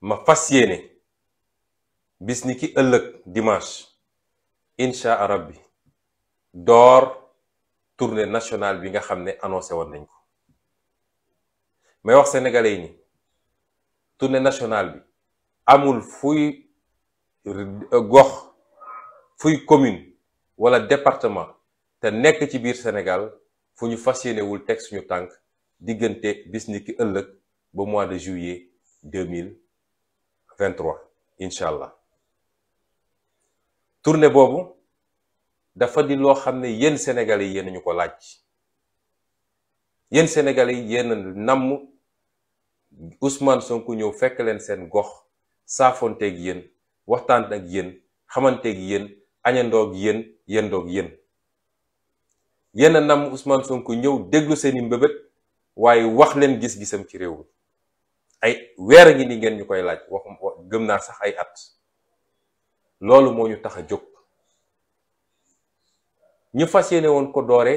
ma fas yéene bis ni ki ëllëg dimanche incha rabbi door tournée nationale bi nga xam ne annoncé woon nañ ko may wax sénégalais yi ni tournée nationale bi amul fuy gox fuy commune wala département te nekk ci biir Sénégal fu ñu fas yéenewul teg suñu tànk diggante bis ni ki ëllëg ba mois de juillet 2000 23 incha allah tournée boobu dafa di loo xam ne yéen senegal yi yéen ñu ko laaj yéen senegal yi yéen namm Ousmane Sonko ñëw fekk leen seen gox saafonteeg yéen waxtaan ak yéen xamanteeg yéen añandoog yéen yendoog yéen yéen a namm Ousmane Sonko ñëw déglu seeni mbëbët waaye wax leen gis-gisam ci réew ay weer a ngi ni ngeen ñu koy laaj waxum gëm naa sax ay at loolu moo ñu tax a jóg ñu fas yéene woon ko doore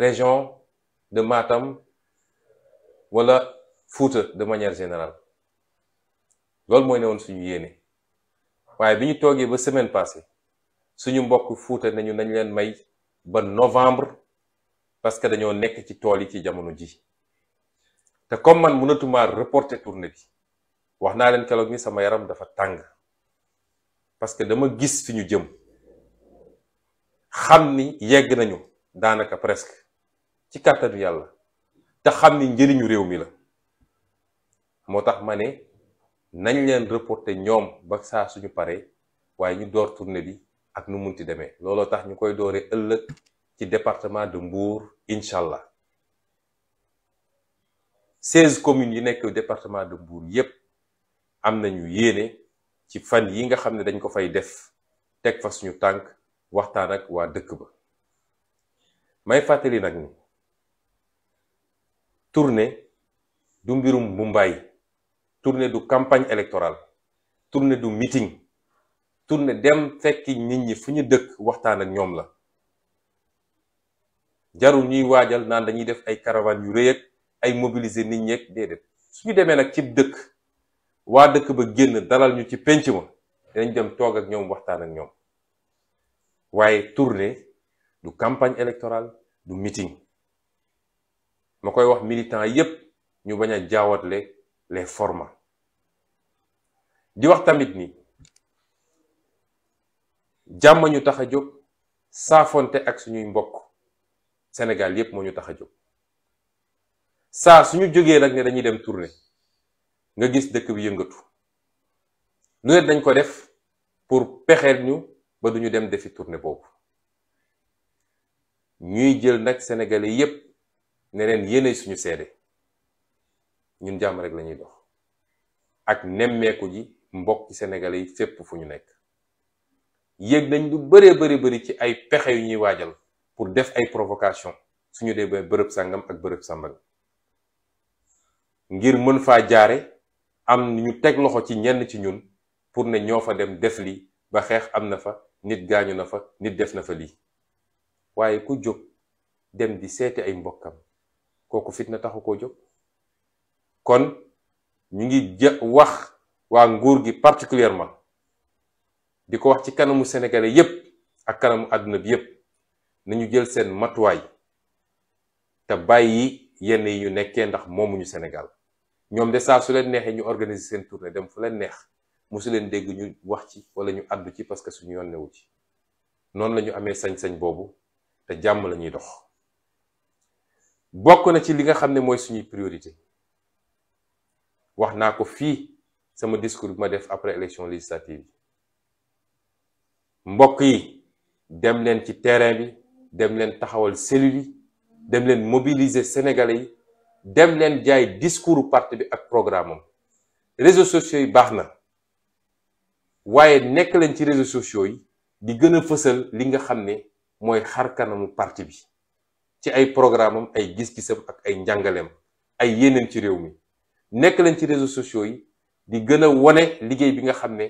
région de Matam wala Fouta de manière générale loolu mooy ne suñu yéene waaye bi ñu toogee ba semaine passée suñu mbokk Fouta nañu nañ leen may ba novembre parce que dañoo nekk ci tool yi ci jamono ji te comme man mënatumaa reporter tournée bi wax naa leen keloog ni sama yaram dafa tàng parce que dama gis fi ñu jëm xam ni yegg nañu daanaka presque ci kàttanu yàlla te xam ni njëriñu réew mi la moo tax ma ne nañ leen reporter ñoom ba saa suñu paree waaye ñu door tournée bi ak nu munti demee looloo tax ñu koy dooree ëllëg ci département du Mbour incha allah seize communes yi nekk département de Mbour yépp am nañu yéene ci fan yi nga xam ne dañ ko fay def teg fa suñu tànk waxtaan ak waa dëkk ba may fàttali nag ni tournée du mbirum Mumbai tournée du campagne électorale tournée du meeting tournée dem fekki nit ñi fu ñu dëkk waxtaan ak ñoom la jaru ñuy waajal naan dañuy def ay caravane yu rëy ak ay mobiliser nit ñeeg déedéet suñu demee nag ci dëkk waa dëkk ba génn dalal ñu ci pénc ma dinañ dem toog ak ñoom waxtaan ak ñoom waaye tournée du campagne électorale du meeting ma koy wax militant yépp ñu bañ a jaawatle les formats di wax tamit ni jàmm ñu tax a jóg saafonte ak suñuy mbokk Sénégal yépp moo ñu tax a jóg saa suñu jógee nag ne dañuy dem tournée nga gis dëkk bi yëngatu lu ne dañ ko def pour pexeel ñu ba duñu dem defi tournée boobu ñuy jël nag sénégalais yépp ne leen yéene suñu seede ñun jàmm rek lañuy dox ak nemmeeku ji mbokk sénégalais yi fépp fu ñu nekk yéeg nañ lu bëree bëri bëri ci ay pexe yu ñuy waajal pour def ay provocation suñu dee bërëb sàngam ak bërëb sàmbal ngir mën faa jaare am ñu teg loxo ci ñenn ci ñun pour ne ñoo fa dem def lii ba xeex am na fa nit gaañu na fa nit def na fa lii waaye ku jóg dem di seeti ay mbokkam kooku fitna taxu koo jóg kon ñu ngi jë wax waa nguur gi particulièrement di ko wax ci kanamu sénégalais yépp ak kanamu àdduna bi yépp nañu jël seen matuwaay te bàyyi yenn yi ñu nekkee ndax moomuñu senegal ñoom de saa su leen neexee ñu organiser seen tournée dem fu leen neex su leen dégg ñu wax ci wala ñu àddu ci parce que suñu yoon newu ci noonu la ñu amee sañ-sañ boobu te jàmm la ñuy dox bokk na ci li nga xam ne mooy suñuy priorité wax naa ko fii sama discours bi ma def après élection législative mbokk yi dem leen ci terrain bi dem leen taxawal cellule yi dem leen mobiliser sénégalais yi dem leen jaay discours parti bi ak programme am réseaux sociaux yi baax na waaye nekk leen ci réseaux sociaux yi di gën a fësal li nga xam ne mooy xar kanamu parti bi ci ay programme am ay gis-gisam ak ay njàngaleem ay yeneen ci réew mi nekk leen ci réseaux sociaux yi di gën a wone liggéey bi nga xam ne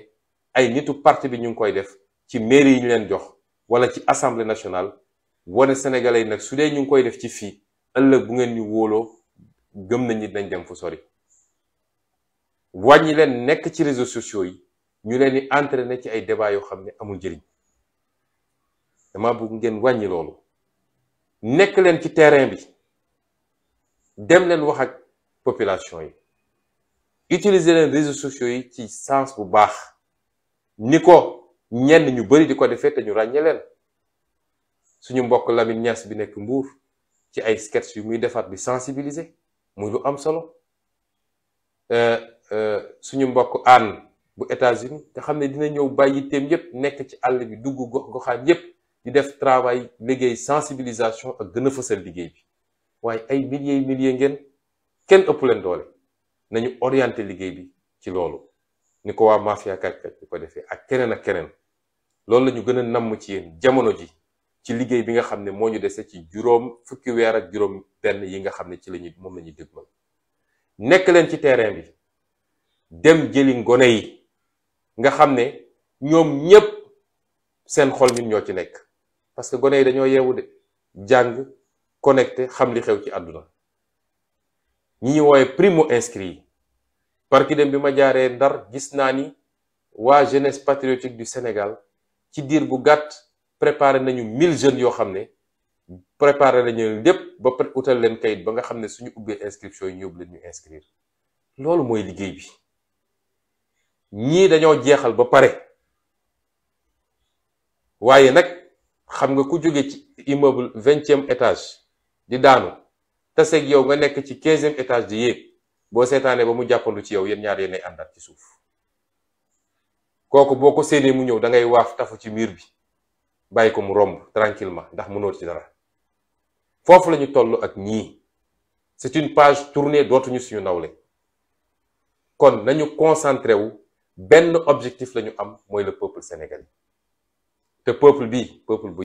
ay nitu parti bi ñu ngi koy def ci mairie yi ñu leen jox wala ci assemblée nationale wane sénégalais yi nag su dee ñu ngi koy def ci fii ëllëg bu ngeen ñu wóoloo gëm nañ ni dañ dem fu sori wàññi leen nekk ci réseau sociaux yi ñu leen di entraîné ci ay débat yoo xam ne amul njëriñ dama bëgg ngeen wàññi loolu nekk leen ci terrain bi dem leen wax ak population yi utiliser leen réseau sociaux yi ci sens bu baax ni ko ñenn ñu bari di ko defee te ñu ràññee leen suñu mbokk Lamine Niass bi nekk mbuur ci ay sketch yu muy defar di sensibiliser muy lu am solo euh, euh, suñu mbokk aan bu États-Unis te xam ne dina ñëw bàyyi teem yépp nekk ci àll bi dugg gox goxaan yépp di def travail liggéey sensibilisation ak gën a fësal liggéey bi waaye ay milliers milliers ngeen kenn ëpp leen doole nañu orienté liggéey bi ci loolu ni ko waa mafia kàcc kàcc di ko defee ak keneen ak keneen loolu lañu ñu gën a namm ci yéen jamono ji ci liggéey bi nga xam ne moo ñu dese ci juróom fukki weer ak juróom benn yi nga xam ne ci lañu moom la ñuy dégmal nekk leen ci terrain bi dem jëlin gone yi nga xam ne ñoom ñépp seen xol ñun ñoo ci nekk parce que gone yi dañoo yeewu de jàng connecté xam li xew ci àdduna ñi ñu wooye primo inscrit yi parki dem bi ma jaaree ndar gis naa ni waa jeunesse patriotique du senegal ci diir bu gàtt préparer nañu mille jeunes yoo xam ne préparé nañu lépp ba pare leen kayit ba nga xam ne suñu ubbee inscription yi ñëw leen ñu inscrire loolu mooy liggéey bi ñii dañoo jeexal ba pare waaye nag xam nga ku jóge ci immeuble vingtième étage di daanu taseeg yow nga nekk ci quinzième étage di yéeg boo seetaanee ba mu jàppandu ci yow yéen ñaar yéenay àndaat ci suuf kooku boo ko séenee mu ñëw da ngay waaf tafu ci miir bi bàyyi ko mu romb tranquillement ndax mënoo ci dara foofu la ñu toll ak ñii c'est une page tournée dootuñu suñu nawle kon nañu concentré wu benn objectif la ñu am mooy le peuple sénégalais te peuple bi peuple bu